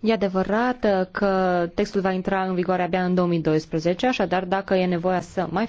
E adevărat că textul va intra în vigoare abia în 2012, așadar dacă e nevoia să mai